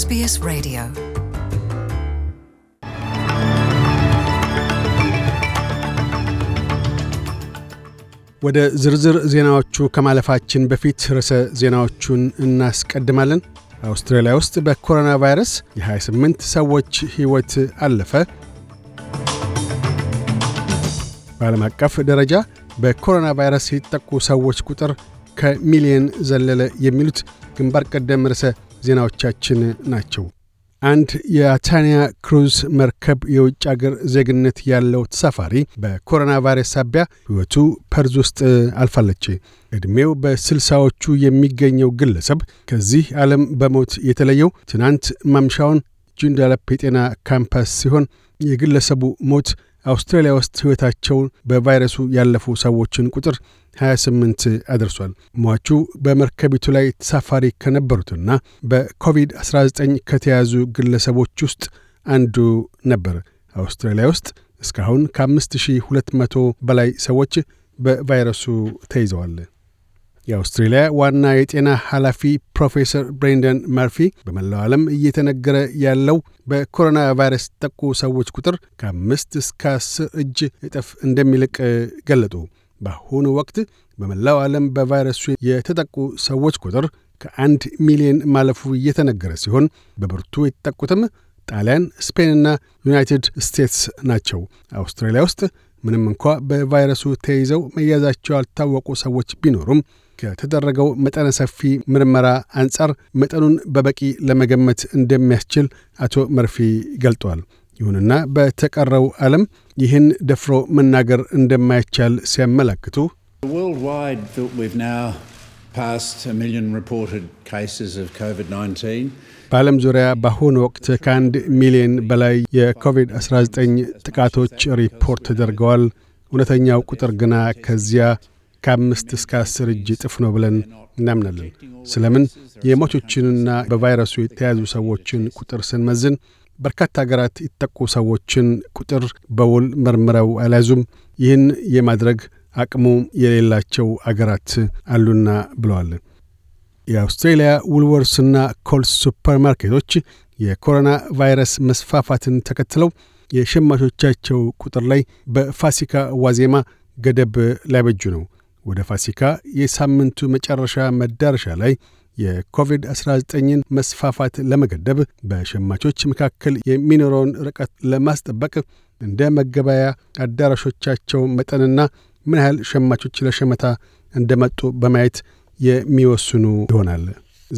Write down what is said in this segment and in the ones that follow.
SBS Radio. ወደ ዝርዝር ዜናዎቹ ከማለፋችን በፊት ርዕሰ ዜናዎቹን እናስቀድማለን። አውስትራሊያ ውስጥ በኮሮና ቫይረስ የ28 ሰዎች ሕይወት አለፈ። በዓለም አቀፍ ደረጃ በኮሮና ቫይረስ የተጠቁ ሰዎች ቁጥር ከሚሊየን ዘለለ። የሚሉት ግንባር ቀደም ርዕሰ ዜናዎቻችን ናቸው። አንድ የታንያ ክሩዝ መርከብ የውጭ አገር ዜግነት ያለው ተሳፋሪ በኮሮና ቫይረስ ሳቢያ ሕይወቱ ፐርዝ ውስጥ አልፋለች። ዕድሜው በስልሳዎቹ የሚገኘው ግለሰብ ከዚህ ዓለም በሞት የተለየው ትናንት ማምሻውን ጁንዳላፕ የጤና ካምፓስ ሲሆን የግለሰቡ ሞት አውስትራሊያ ውስጥ ሕይወታቸው በቫይረሱ ያለፉ ሰዎችን ቁጥር 28 አድርሷል። ሟቹ በመርከቢቱ ላይ ተሳፋሪ ከነበሩትና በኮቪድ-19 ከተያዙ ግለሰቦች ውስጥ አንዱ ነበር። አውስትራሊያ ውስጥ እስካሁን ከ5200 በላይ ሰዎች በቫይረሱ ተይዘዋል። የአውስትሬልያ ዋና የጤና ኃላፊ ፕሮፌሰር ብሬንደን መርፊ በመላው ዓለም እየተነገረ ያለው በኮሮና ቫይረስ ጠቁ ሰዎች ቁጥር ከአምስት እስከ አስር እጅ እጥፍ እንደሚልቅ ገለጡ። በአሁኑ ወቅት በመላው ዓለም በቫይረሱ የተጠቁ ሰዎች ቁጥር ከአንድ ሚሊዮን ማለፉ እየተነገረ ሲሆን በብርቱ የተጠቁትም ጣሊያን፣ ስፔንና ዩናይትድ ስቴትስ ናቸው። አውስትራሊያ ውስጥ ምንም እንኳ በቫይረሱ ተይዘው መያዛቸው ያልታወቁ ሰዎች ቢኖሩም ከተደረገው መጠነ ሰፊ ምርመራ አንጻር መጠኑን በበቂ ለመገመት እንደሚያስችል አቶ መርፊ ገልጧል። ይሁንና በተቀረው ዓለም ይህን ደፍሮ መናገር እንደማይቻል ሲያመላክቱ በዓለም ዙሪያ በአሁኑ ወቅት ከአንድ ሚሊዮን በላይ የኮቪድ-19 ጥቃቶች ሪፖርት ተደርገዋል። እውነተኛው ቁጥር ግና ከዚያ ከአምስት እስከ አስር እጅ ጥፍ ነው ብለን እናምናለን። ስለምን የሟቾችንና በቫይረሱ የተያዙ ሰዎችን ቁጥር ስንመዝን በርካታ አገራት የተጠቁ ሰዎችን ቁጥር በውል መርምረው አልያዙም። ይህን የማድረግ አቅሙ የሌላቸው አገራት አሉና ብለዋል። የአውስትሬልያ ውልወርስና ኮልስ ሱፐርማርኬቶች የኮሮና ቫይረስ መስፋፋትን ተከትለው የሸማቾቻቸው ቁጥር ላይ በፋሲካ ዋዜማ ገደብ ላይበጁ ነው። ወደ ፋሲካ የሳምንቱ መጨረሻ መዳረሻ ላይ የኮቪድ-19ን መስፋፋት ለመገደብ በሸማቾች መካከል የሚኖረውን ርቀት ለማስጠበቅ እንደ መገበያ አዳራሾቻቸው መጠንና ምን ያህል ሸማቾች ለሸመታ እንደመጡ በማየት የሚወስኑ ይሆናል።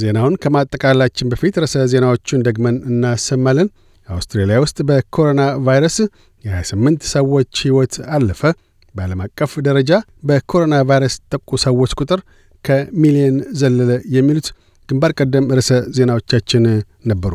ዜናውን ከማጠቃላችን በፊት ርዕሰ ዜናዎቹን ደግመን እናሰማለን። አውስትራሊያ ውስጥ በኮሮና ቫይረስ የ28 ሰዎች ሕይወት አለፈ። በዓለም አቀፍ ደረጃ በኮሮና ቫይረስ ተጠቁ ሰዎች ቁጥር ከሚሊየን ዘለለ የሚሉት ግንባር ቀደም ርዕሰ ዜናዎቻችን ነበሩ።